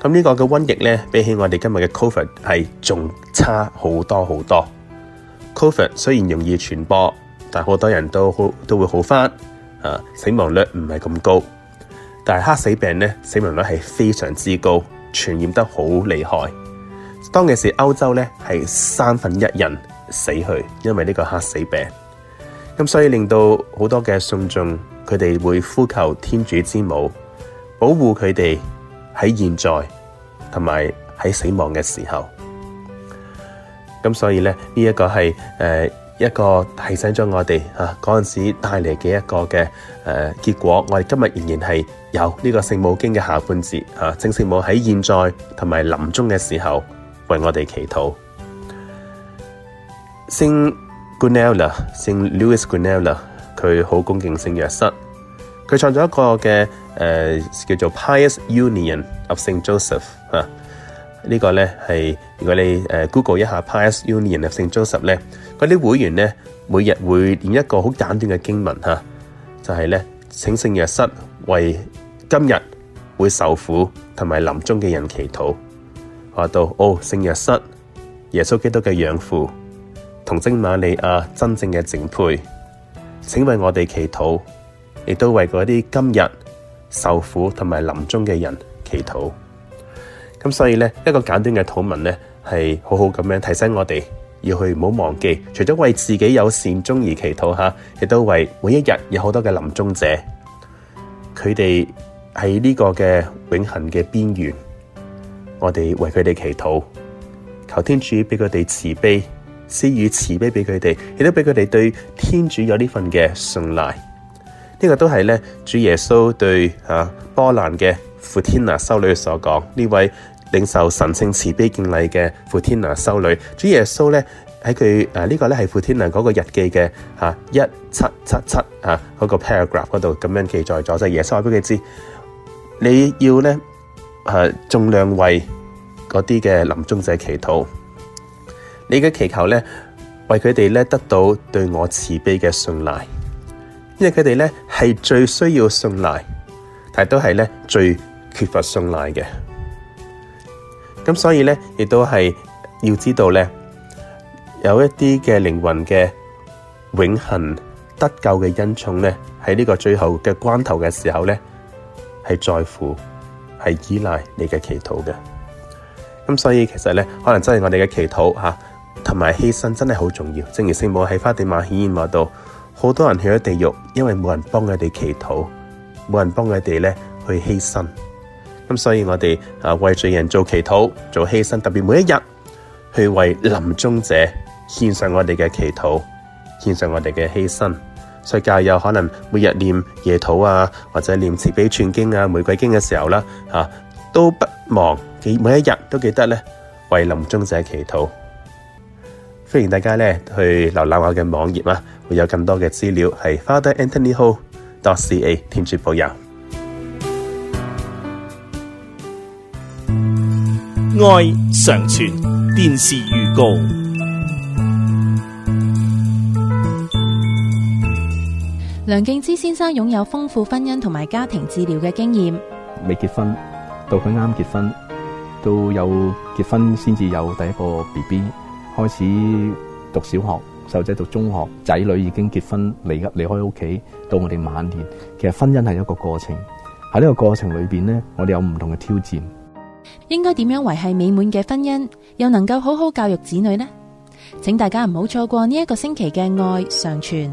咁呢個嘅瘟疫呢，比起我哋今日嘅 COVID 係仲差好多好多。Covid 雖然容易傳播，但好多人都好都會好返，啊，死亡率唔係咁高。但係黑死病死亡率係非常之高，傳染得好厲害。當其時，歐洲咧係三分一人死去，因為呢個黑死病。咁所以令到好多嘅信眾，佢哋會呼求天主之母保護佢哋喺現在同埋喺死亡嘅時候。咁所以咧，呢一個係誒一個提醒咗我哋啊嗰陣時帶嚟嘅一個嘅誒結果，我哋今日仍然係有呢個聖母經嘅下半節啊，正聖母喺現在同埋臨終嘅時候為我哋祈禱。聖 Guanella，聖 Louis Guanella，佢好恭敬聖若瑟，佢創造一個嘅誒叫做 Pious Union of Saint Joseph 嚇。呢個咧係如果你誒 Google 一下 Passion Year 聖週十咧，嗰啲會員咧每日會念一個好簡短嘅經文嚇，就係咧請聖若瑟為今日會受苦同埋臨終嘅人祈禱，話到哦聖若瑟，耶穌基督嘅養父，童貞瑪利亞真正嘅淨配，請為我哋祈禱，亦都為嗰啲今日受苦同埋臨終嘅人祈禱。咁所以呢，一個簡短嘅禱文呢，係好好咁樣提醒我哋，要去唔好忘記，除咗為自己有善終而祈禱吓，亦都為每一日有好多嘅臨終者，佢哋喺呢個嘅永恆嘅邊緣，我哋為佢哋祈禱，求天主俾佢哋慈悲，施予慈悲俾佢哋，亦都俾佢哋對天主有呢份嘅信賴。呢、這個都係呢主耶穌對啊波蘭嘅富天娜修女所講，呢位。領受神聖慈悲敬禮嘅傅天娜修女，主耶穌呢，喺佢誒呢個咧係傅天娜嗰個日記嘅一七七七啊嗰個 paragraph 嗰度咁樣記載咗，就係，耶穌話俾佢知，你要呢誒盡量為嗰啲嘅臨終者祈禱，你嘅祈求呢為佢哋呢得到對我慈悲嘅信賴，因為佢哋呢係最需要信賴，但係都係呢最缺乏信賴嘅。咁所以呢，亦都係要知道呢，有一啲嘅靈魂嘅永恆得救嘅恩寵呢，喺呢個最後嘅關頭嘅時候呢係在乎係依賴你嘅祈禱嘅。咁所以其實呢，可能真係我哋嘅祈禱吓，同、啊、埋犧牲真係好重要。正如聖母喺花地瑪顯現嗰度：「好多人去咗地獄，因為冇人幫佢哋祈禱，冇人幫佢哋呢去犧牲。」咁所以我哋啊為罪人做祈禱、做犧牲，特別每一日去為臨終者獻上我哋嘅祈禱、獻上我哋嘅犧牲。所以教友可能每日念夜禱啊，或者念慈悲串經啊、玫瑰經嘅時候啦，吓都不忘記每一日都記得呢為臨終者祈禱。歡迎大家呢去瀏覽我嘅網頁啦，會有更多嘅資料係 Father Anthony Ho dot C A，天主保佑。愛常傳電視預告。梁敬之先生擁有豐富婚姻同埋家庭治療嘅經驗。未結婚到佢啱結婚，到有結婚先至有第一個 BB，開始讀小學，細仔讀中學，仔女已經結婚離離開屋企，到我哋晚年，其實婚姻係一個過程。喺呢個過程裏邊呢，我哋有唔同嘅挑戰。應該點樣維繫美滿嘅婚姻，又能夠好好教育子女呢？請大家唔好錯過呢一個星期嘅愛常傳。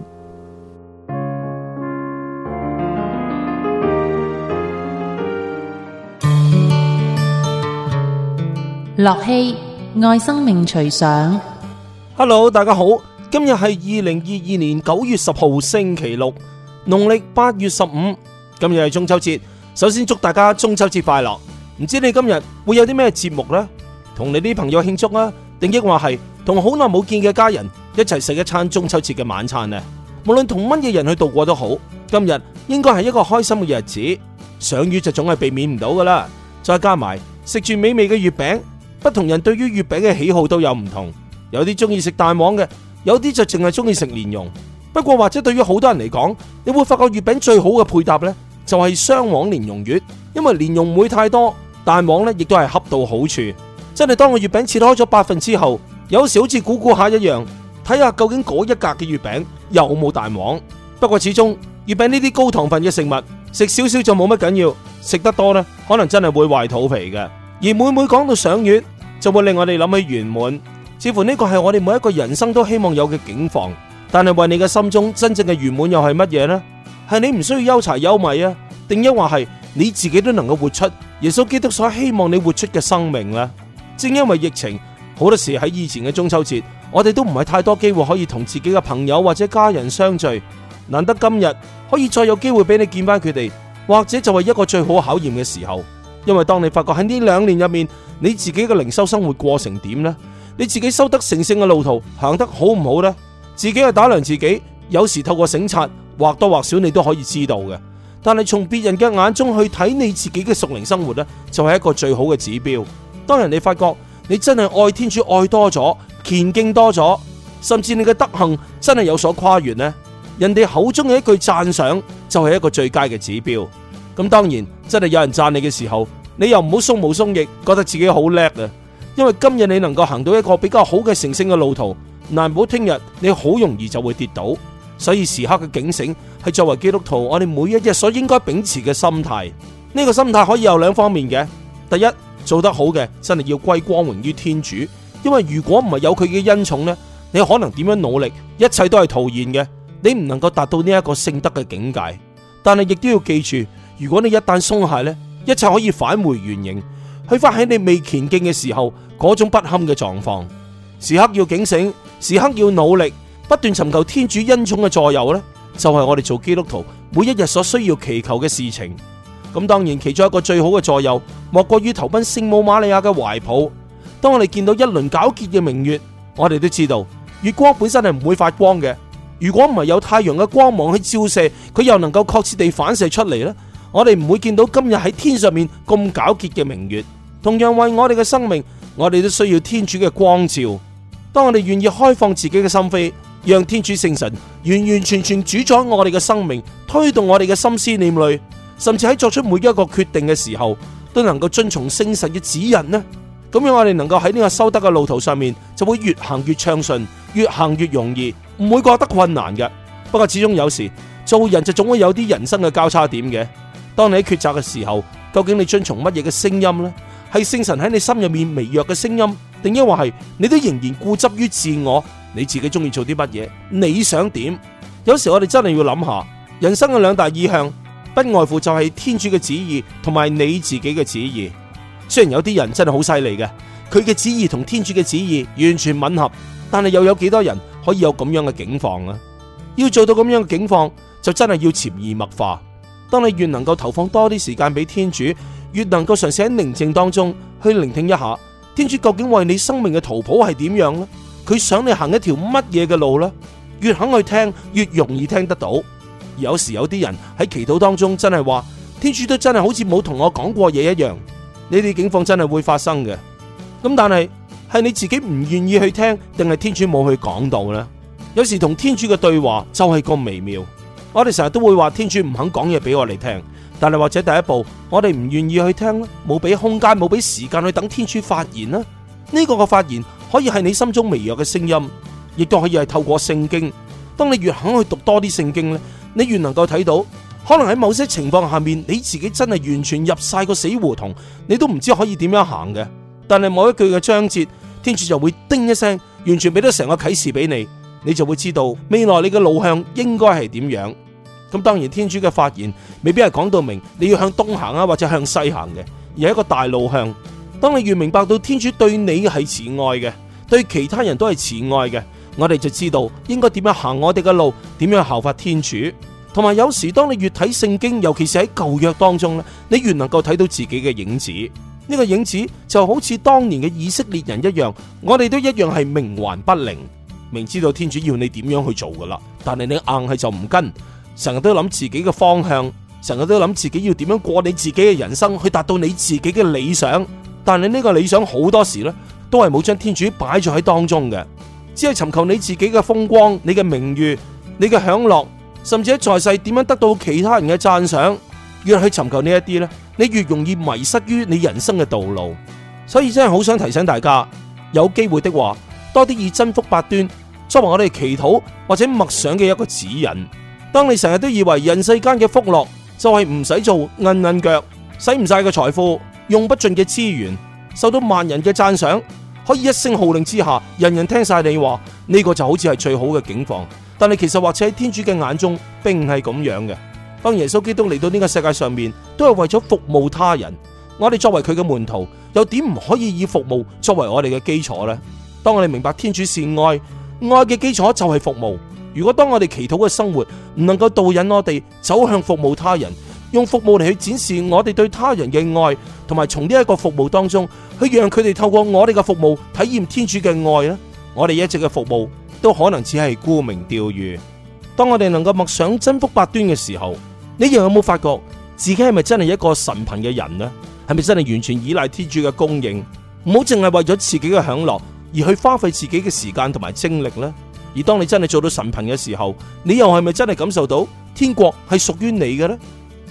樂器，愛生命隨想，Hello，大家好，今日係二零二二年九月十號星期六，農曆八月十五，今日係中秋節。首先祝大家中秋節快樂。唔知你今日會有啲咩節目呢？同你啲朋友慶祝啊，定抑或係同好耐冇見嘅家人一齊食一餐中秋節嘅晚餐呢？無論同乜嘢人去度過都好，今日應該係一個開心嘅日子。賞月就總係避免唔到噶啦，再加埋食住美味嘅月餅。不同人對於月餅嘅喜好都有唔同，有啲中意食蛋黃嘅，有啲就淨係中意食蓮蓉。不過或者對於好多人嚟講，你會發覺月餅最好嘅配搭呢，就係雙黃蓮蓉月，因為蓮蓉唔會太多。蛋黃呢，亦都係恰到好處。真係當個月餅切開咗八份之後，有時好似估估下一樣，睇下究竟嗰一格嘅月餅有冇蛋黃。不過始終月餅呢啲高糖分嘅食物，食少少就冇乜緊要，食得多呢，可能真係會壞肚皮嘅。而每每講到賞月，就會令我哋諗起圓滿，似乎呢個係我哋每一個人生都希望有嘅景況。但係為你嘅心中真正嘅圓滿又係乜嘢呢？係你唔需要憂柴憂米啊，定抑或係你自己都能夠活出？耶穌基督所希望你活出嘅生命啦，正因為疫情，好多時喺以前嘅中秋節，我哋都唔係太多機會可以同自己嘅朋友或者家人相聚，難得今日可以再有機會俾你見翻佢哋，或者就係一個最好考驗嘅時候。因為當你發覺喺呢兩年入面，你自己嘅靈修生活過成點呢？你自己修得成聖嘅路途行得好唔好呢？自己去打量自己，有時透過省察，或多或少你都可以知道嘅。但係從別人嘅眼中去睇你自己嘅屬靈生活呢，就係一個最好嘅指標。當人哋發覺你真係愛天主愛多咗、虔敬多咗，甚至你嘅德行真係有所跨越呢，人哋口中嘅一句讚賞就係一個最佳嘅指標。咁當然，真係有人讚你嘅時候，你又唔好鬆毛鬆翼，覺得自己好叻啊！因為今日你能夠行到一個比較好嘅成聖嘅路途，難保聽日你好容易就會跌倒。所以時刻嘅警醒，係作為基督徒，我哋每一日所應該秉持嘅心態。呢個心態可以有兩方面嘅，第一做得好嘅真係要歸光榮於天主，因為如果唔係有佢嘅恩寵呢，你可能點樣努力，一切都係徒然嘅，你唔能夠達到呢一個聖德嘅境界。但係亦都要記住，如果你一旦鬆懈呢，一切可以返回原形，去翻喺你未前進嘅時候嗰種不堪嘅狀況。時刻要警醒，時刻要努力。不斷尋求天主恩寵嘅助佑呢，就係我哋做基督徒每一日所需要祈求嘅事情。咁當然，其中一個最好嘅助佑，莫過於投奔聖母瑪利亞嘅懷抱。當我哋見到一輪皎潔嘅明月，我哋都知道月光本身係唔會發光嘅。如果唔係有太陽嘅光芒去照射，佢又能夠確切地反射出嚟呢。我哋唔會見到今日喺天上面咁皎潔嘅明月。同樣為我哋嘅生命，我哋都需要天主嘅光照。當我哋願意開放自己嘅心扉。讓天主聖神完完全全主宰我哋嘅生命，推動我哋嘅心思念慮，甚至喺作出每一個決定嘅時候都能夠遵從聖神嘅指引呢，咁樣我哋能夠喺呢個修德嘅路途上面就會越行越暢順，越行越容易，唔會覺得困難嘅。不過始終有時做人就總會有啲人生嘅交叉點嘅。當你喺抉擇嘅時候，究竟你遵從乜嘢嘅聲音呢？係聖神喺你心入面微弱嘅聲音，定抑或係你都仍然固執於自我？你自己中意做啲乜嘢？你想點？有時我哋真係要諗下人生嘅兩大意向，不外乎就係天主嘅旨意同埋你自己嘅旨意。雖然有啲人真係好犀利嘅，佢嘅旨意同天主嘅旨意完全吻合，但係又有幾多人可以有咁樣嘅境況啊？要做到咁樣嘅境況，就真係要潛移默化。當你越能夠投放多啲時間俾天主，越能夠嘗試喺寧靜當中去聆聽一下天主究竟為你生命嘅圖譜係點樣呢。佢想你行一條乜嘢嘅路呢？越肯去聽，越容易聽得到。有時有啲人喺祈禱當中真係話，天主都真係好似冇同我講過嘢一樣。呢啲境況真係會發生嘅。咁但係係你自己唔願意去聽，定係天主冇去講到呢？有時同天主嘅對話就係個微妙。我哋成日都會話天主唔肯講嘢俾我哋聽，但係或者第一步我哋唔願意去聽，冇俾空間，冇俾時，時間去等天主發言呢，呢、呢個嘅發言。可以係你心中微弱嘅聲音，亦都可以係透過聖經。當你越肯去讀多啲聖經呢，你越能夠睇到，可能喺某些情況下面，你自己真係完全入晒個死胡同，你都唔知可以點樣行嘅。但係某一句嘅章節，天主就會叮一聲，完全俾咗成個啟示俾你，你就會知道未來你嘅路向應該係點樣。咁當然，天主嘅發言未必係講到明你要向東行啊，或者向西行嘅，而係一個大路向。當你越明白到天主對你係慈愛嘅，對其他人都係慈愛嘅，我哋就知道應該點樣行我哋嘅路，點樣效法天主。同埋有，有時，當你越睇聖經，尤其是喺舊約當中咧，你越能夠睇到自己嘅影子。呢、呢個影子就好似當年嘅以色列人一樣，我哋都一樣係冥頑不靈，明知道天主要你點樣去做噶啦，但係你硬係就唔跟，成日都諗自己嘅方向，成日都諗自己要點樣過你自己嘅人生，去達到你自己嘅理想。但你呢個理想好多時咧，都係冇將天主擺在喺當中嘅，只係尋求你自己嘅風光、你嘅名譽、你嘅享樂，甚至喺在世點樣得到其他人嘅讚賞，越去尋求呢一啲咧，你越容易迷失於你人生嘅道路。所以真係好想提醒大家，有機會的話，多啲以真福八端作為我哋祈禱或者默想嘅一個指引。當你成日都以為人世間嘅福樂就係唔使做，奀奀腳，使唔晒嘅財富。用不盡嘅資源，受到萬人嘅讚賞，可以一聲號令之下，人人聽晒你話，呢個就好似係最好嘅境況。但係其實，或者喺天主嘅眼中，並唔係咁樣嘅。當耶穌基督嚟到呢個世界上面，都係為咗服務他人。我哋作為佢嘅門徒，又點唔可以以服務作為我哋嘅基礎呢？當我哋明白天主善愛，愛嘅基礎就係服務。如果當我哋祈禱嘅生活唔能夠導引我哋走向服務他人，用服務嚟去展示我哋對他人嘅愛，同埋從呢一個服務當中去讓佢哋透過我哋嘅服務體驗天主嘅愛呢，我哋一直嘅服務都可能只係沽名釣譽。當我哋能夠默想真福八端嘅時候，你又有冇發覺自己係咪真係一個神貧嘅人呢？係咪真係完全依賴天主嘅供應？唔好淨係為咗自己嘅享樂而去花費自己嘅時間同埋精力呢。而當你真係做到神貧嘅時候，你又係咪真係感受到天國係屬於你嘅呢？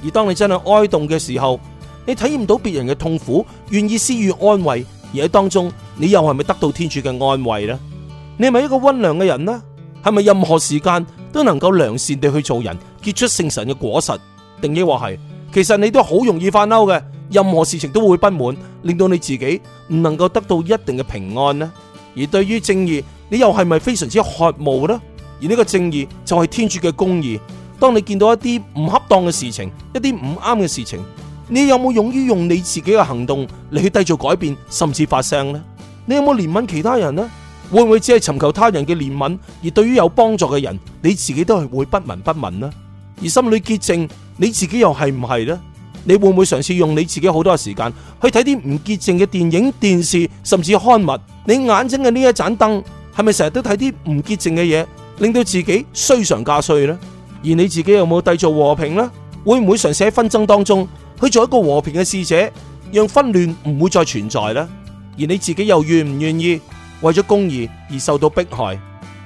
而當你真係哀慟嘅時候，你體驗到別人嘅痛苦，願意施予安慰，而喺當中，你又係咪得到天主嘅安慰呢？你係咪一個溫良嘅人呢？係咪任何時間都能夠良善地去做人，結出聖神嘅果實？定抑或係，其實你都好容易發嬲嘅，任何事情都會不滿，令到你自己唔能夠得到一定嘅平安呢。而對於正義，你又係咪非常之渴慕呢？而呢個正義就係天主嘅公義。當你見到一啲唔恰當嘅事情，一啲唔啱嘅事情，你有冇勇於用你自己嘅行動嚟去製造改變，甚至發聲呢？你有冇憐憫其他人呢？會唔會只係尋求他人嘅憐憫，而對於有幫助嘅人，你自己都係會不聞不問呢？而心裏潔淨，你自己又係唔係呢？你會唔會嘗試用你自己好多嘅時間去睇啲唔潔淨嘅電影、電視，甚至刊物？你眼睛嘅呢一盞燈係咪成日都睇啲唔潔淨嘅嘢，令到自己衰上加衰呢？而你自己有冇締造和平呢？會唔會嘗試喺紛爭當中去做一個和平嘅使者，讓紛亂唔會再存在呢？而你自己又願唔願意為咗公義而受到迫害，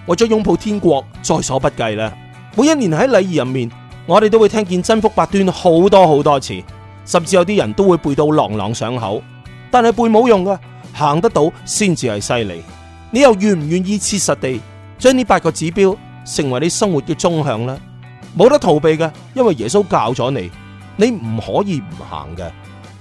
為咗擁抱天國，在所不計呢？每一年喺禮儀入面，我哋都會聽見真福八端好多好多次，甚至有啲人都會背到朗朗上口。但係背冇用嘅，行得到先至係犀利。你又願唔願意切實地將呢八個指標成為你生活嘅終向呢？冇得逃避嘅，因為耶穌教咗你，你唔可以唔行嘅。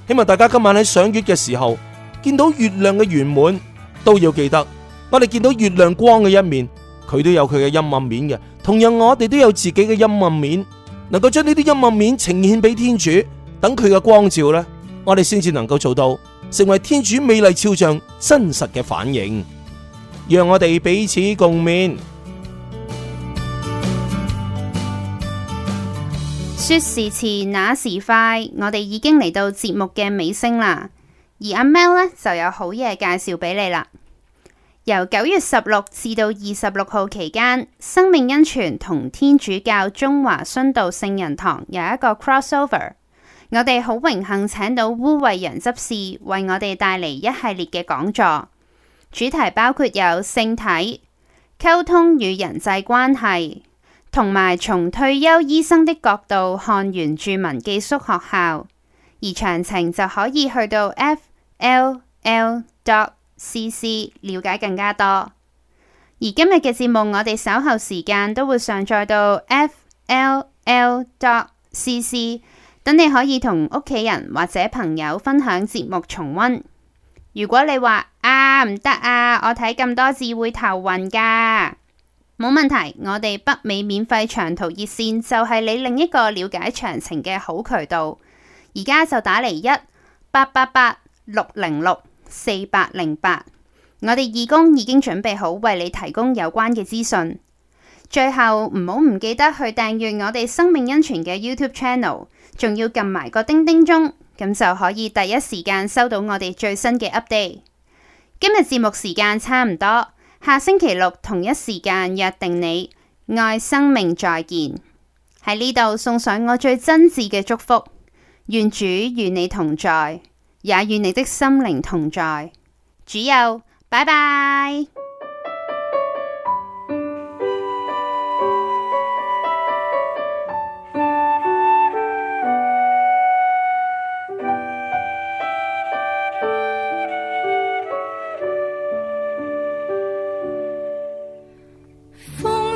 希望大家今晚喺賞月嘅時候，見到月亮嘅圓滿，都要記得。我哋見到月亮光嘅一面，佢都有佢嘅陰暗面嘅。同樣我哋都有自己嘅陰暗面，能夠將呢啲陰暗面呈現俾天主，等佢嘅光照呢，我哋先至能夠做到，成為天主美麗肖像真實嘅反映，讓我哋彼此共勉。說時遲，那時快，我哋已經嚟到節目嘅尾聲啦。而阿 Mel 呢，就有好嘢介紹俾你啦。由九月十六至到二十六號期間，生命恩泉同天主教中華殉道聖人堂有一個 cross over。我哋好榮幸請到鄔慧人執事為我哋帶嚟一系列嘅講座，主題包括有聖體、溝通與人際關係。同埋，從退休醫生的角度看原住民寄宿學校，而詳情就可以去到 fll.cc 了解更加多。而今日嘅節目，我哋稍後時間都會上載到 fll.cc，等你可以同屋企人或者朋友分享節目重溫。如果你話啊唔得啊，我睇咁多字會頭暈㗎。冇問題，我哋北美免費長途熱線就係你另一個了解詳情嘅好渠道。而家就打嚟，一八八八六零六四八零八，我哋義工已經準備好為你提供有關嘅資訊。最後唔好唔記得去訂閱我哋生命恩泉嘅 YouTube Channel，仲要撳埋個叮叮鐘，咁就可以第一時間收到我哋最新嘅 update。今日節目時間差唔多，下星期六同一時間約定你愛生命，再見。喺呢度送上我最真摯嘅祝福，願主與你同在，也與你的心靈同在。主佑，拜拜。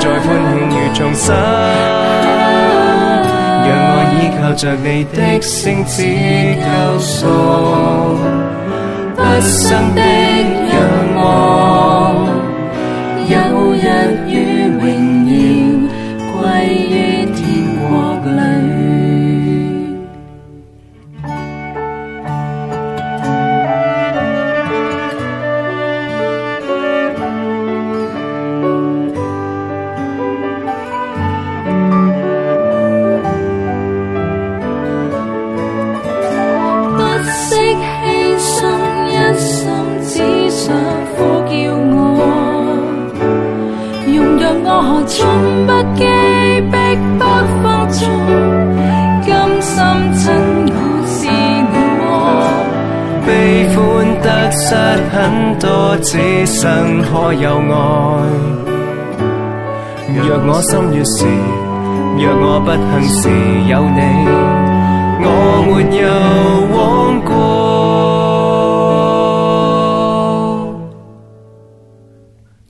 再歡慶如重生，讓我倚靠着你的聖子救贖，不 *noise* 生的仰望， *noise* 有日